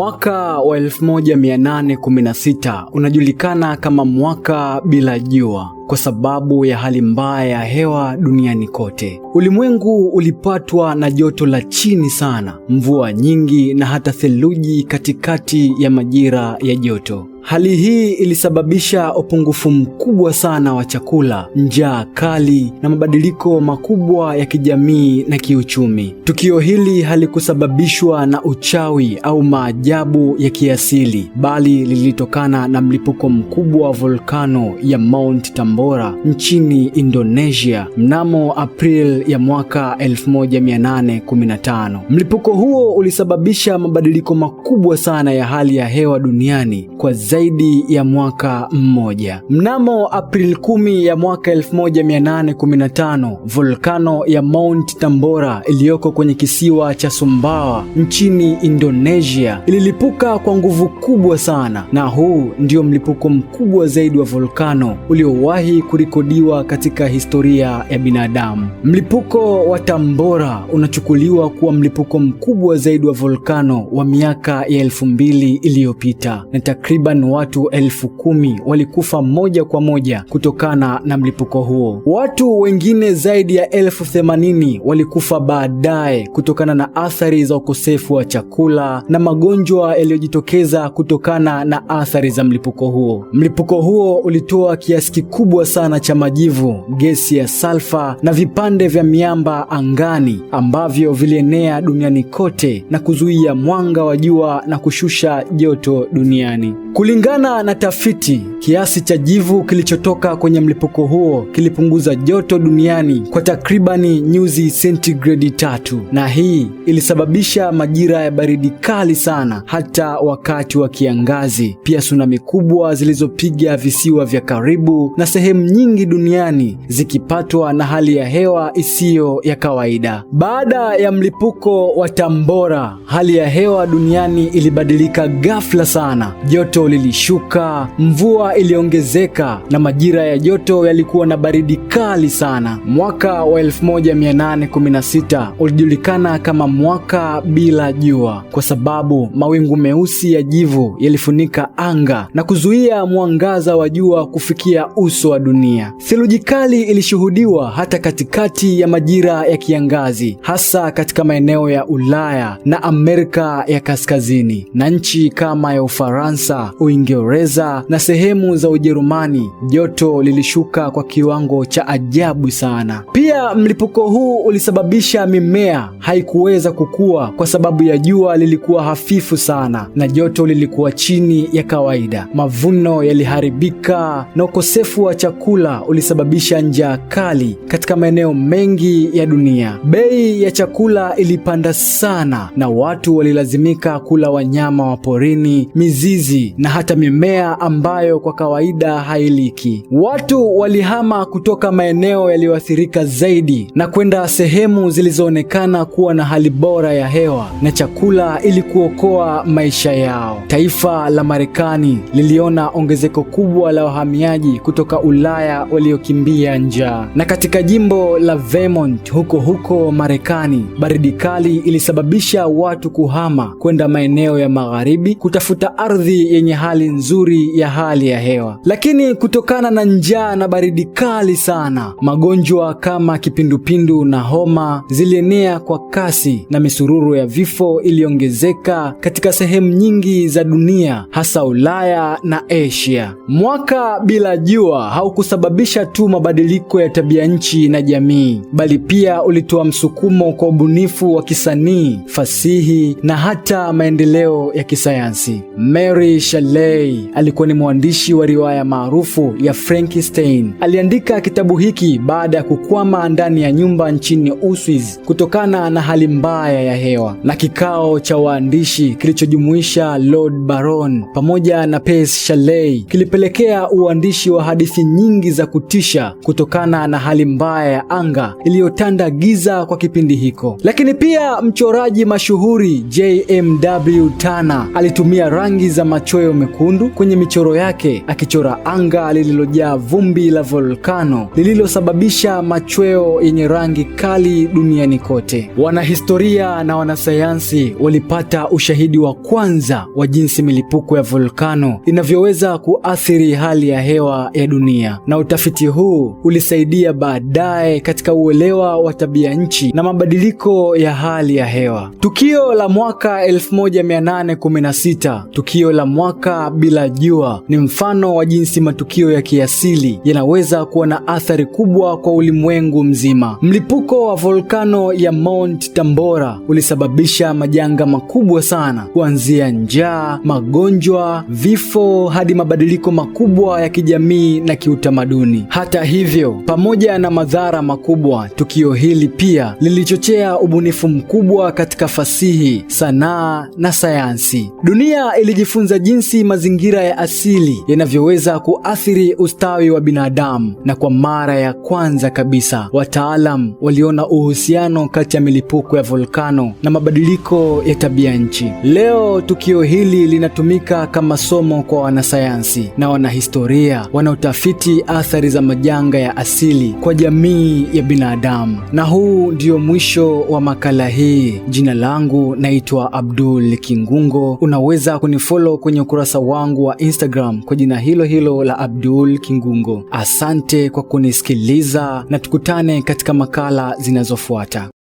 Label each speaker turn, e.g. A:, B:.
A: Mwaka wa 1816 unajulikana kama mwaka bila jua kwa sababu ya hali mbaya ya hewa duniani kote. Ulimwengu ulipatwa na joto la chini sana, mvua nyingi na hata theluji katikati ya majira ya joto. Hali hii ilisababisha upungufu mkubwa sana wa chakula, njaa kali na mabadiliko makubwa ya kijamii na kiuchumi. Tukio hili halikusababishwa na uchawi au maajabu ya kiasili, bali lilitokana na mlipuko mkubwa wa volkano ya Mount Tambora nchini Indonesia mnamo April ya mwaka 1815. Mlipuko huo ulisababisha mabadiliko makubwa sana ya hali ya hewa duniani kwa zaidi ya mwaka mmoja. Mnamo April 10 ya mwaka 1815, volkano ya Mount Tambora iliyoko kwenye kisiwa cha Sumbawa nchini Indonesia ililipuka kwa nguvu kubwa sana, na huu ndio mlipuko mkubwa zaidi wa volkano uliowahi kurekodiwa katika historia ya binadamu. Mlipuko wa Tambora unachukuliwa kuwa mlipuko mkubwa zaidi wa volkano wa miaka ya elfu mbili iliyopita na takriban takriban watu elfu kumi walikufa moja kwa moja kutokana na mlipuko huo. Watu wengine zaidi ya elfu themanini walikufa baadaye kutokana na athari za ukosefu wa chakula na magonjwa yaliyojitokeza kutokana na athari za mlipuko huo. Mlipuko huo ulitoa kiasi kikubwa sana cha majivu, gesi ya salfa na vipande vya miamba angani ambavyo vilienea duniani kote na kuzuia mwanga wa jua na kushusha joto duniani. Kulingana na tafiti, kiasi cha jivu kilichotoka kwenye mlipuko huo kilipunguza joto duniani kwa takribani nyuzi sentigredi tatu, na hii ilisababisha majira ya baridi kali sana hata wakati wa kiangazi. Pia tsunami kubwa zilizopiga visiwa vya karibu na sehemu nyingi duniani zikipatwa na hali ya hewa isiyo ya kawaida. Baada ya mlipuko wa Tambora, hali ya hewa duniani ilibadilika ghafla sana. Joto joto lilishuka, mvua iliongezeka na majira ya joto yalikuwa na baridi kali sana. Mwaka wa 1816 ulijulikana kama mwaka bila jua kwa sababu mawingu meusi ya jivu yalifunika anga na kuzuia mwangaza wa jua kufikia uso wa dunia. Theluji kali ilishuhudiwa hata katikati ya majira ya kiangazi, hasa katika maeneo ya Ulaya na Amerika ya Kaskazini, na nchi kama ya Ufaransa, Uingereza na sehemu za Ujerumani, joto lilishuka kwa kiwango cha ajabu sana. Pia mlipuko huu ulisababisha mimea haikuweza kukua kwa sababu ya jua lilikuwa hafifu sana na joto lilikuwa chini ya kawaida. Mavuno yaliharibika na ukosefu wa chakula ulisababisha njaa kali katika maeneo mengi ya dunia. Bei ya chakula ilipanda sana na watu walilazimika kula wanyama wa porini, mizizi na hata mimea ambayo kwa kawaida hailiki. Watu walihama kutoka maeneo yaliyoathirika zaidi na kwenda sehemu zilizoonekana kuwa na hali bora ya hewa na chakula ili kuokoa maisha yao. Taifa la Marekani liliona ongezeko kubwa la wahamiaji kutoka Ulaya waliokimbia njaa. Na katika jimbo la Vermont huko huko Marekani, baridi kali ilisababisha watu kuhama kwenda maeneo ya magharibi kutafuta ardhi yenye kwenye hali nzuri ya hali ya hewa, lakini kutokana na njaa na baridi kali sana, magonjwa kama kipindupindu na homa zilienea kwa kasi na misururu ya vifo iliongezeka katika sehemu nyingi za dunia, hasa Ulaya na Asia. Mwaka bila jua haukusababisha tu mabadiliko ya tabia nchi na jamii, bali pia ulitoa msukumo kwa ubunifu wa kisanii, fasihi na hata maendeleo ya kisayansi. Mary Shelley alikuwa ni mwandishi wa riwaya maarufu ya Frankenstein. Aliandika kitabu hiki baada ya kukwama ndani ya nyumba nchini Uswizi kutokana na hali mbaya ya hewa, na kikao cha waandishi kilichojumuisha Lord Byron pamoja na Percy Shelley kilipelekea uandishi wa hadithi nyingi za kutisha kutokana na hali mbaya ya anga iliyotanda giza kwa kipindi hiko. Lakini pia mchoraji mashuhuri JMW Turner alitumia rangi za machoyo machoyo mekundu kwenye michoro yake, akichora anga lililojaa vumbi la volkano lililosababisha machweo yenye rangi kali duniani kote. Wanahistoria na wanasayansi walipata ushahidi wa kwanza wa jinsi milipuko ya volkano inavyoweza kuathiri hali ya hewa ya dunia, na utafiti huu ulisaidia baadaye katika uelewa wa tabia nchi na mabadiliko ya hali ya hewa. Tukio la mwaka 1816, tukio la mwaka kukaa bila jua ni mfano wa jinsi matukio ya kiasili yanaweza kuwa na athari kubwa kwa ulimwengu mzima. Mlipuko wa volkano ya Mount Tambora ulisababisha majanga makubwa sana, kuanzia njaa, magonjwa, vifo hadi mabadiliko makubwa ya kijamii na kiutamaduni. Hata hivyo, pamoja na madhara makubwa, tukio hili pia lilichochea ubunifu mkubwa katika fasihi, sanaa na sayansi. Dunia ilijifunza jinsi jinsi mazingira ya asili yanavyoweza kuathiri ustawi wa binadamu, na kwa mara ya kwanza kabisa wataalam waliona uhusiano kati ya milipuko ya volkano na mabadiliko ya tabia nchi. Leo tukio hili linatumika kama somo kwa wanasayansi na wanahistoria wanaotafiti athari za majanga ya asili kwa jamii ya binadamu. Na huu ndio mwisho wa makala hii. Jina langu naitwa Abdul Kingungo. Unaweza kunifollow kwenye ukurasa wangu wa Instagram kwa jina hilo hilo la Abdul Kingungo. Asante kwa kunisikiliza na tukutane katika makala zinazofuata.